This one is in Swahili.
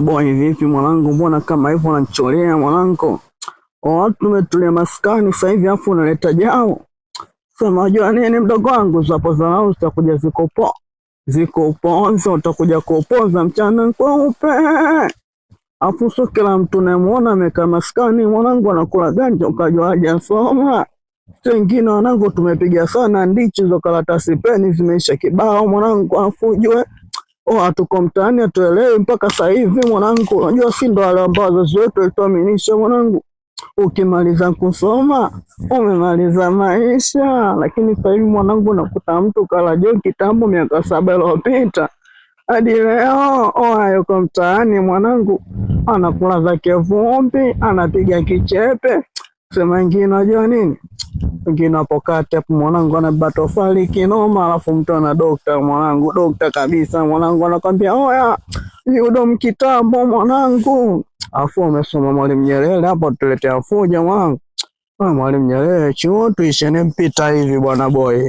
Boy, vipi mwanangu, mbona kama hivyo unanicholea mwanangu? Watu tumetulia maskani sasa hivi afu unaleta jao. Sema unajua nini mdogo wangu, zapo zanau zitakuja zikopo. Zikopoza utakuja kuopoza mchana kweupe. Afu sio kila mtu nayemuona amekaa maskani mwanangu anakula ganja ukajua hajasoma. Wengine wanangu tumepiga sana ndichi, hizo karatasi peni zimeisha kibao mwanangu, afu ujue Hatuko mtaani, hatuelewi mpaka sasa hivi mwanangu. Unajua si ndo wale ambao wazazi wetu walituaminisha mwanangu, ukimaliza kusoma umemaliza maisha. Lakini sasa hivi mwanangu, nakuta mtu kala kitambo, miaka saba iliyopita hadi leo hayuko mtaani mwanangu, anakula zake vumbi, anapiga kichepe, sema ingine, unajua nini wengine wapo mwanangu ana batofali kinoma, alafu mtu ana dokta, mwanangu dokta kabisa, mwanangu anakwambia oya, yudo kitambo mwanangu, afu amesoma Mwalimu Nyerere hapo, tuletea fuja mwanangu. Mwalimu Nyerere chuo tuishene mpita hivi bwana boy.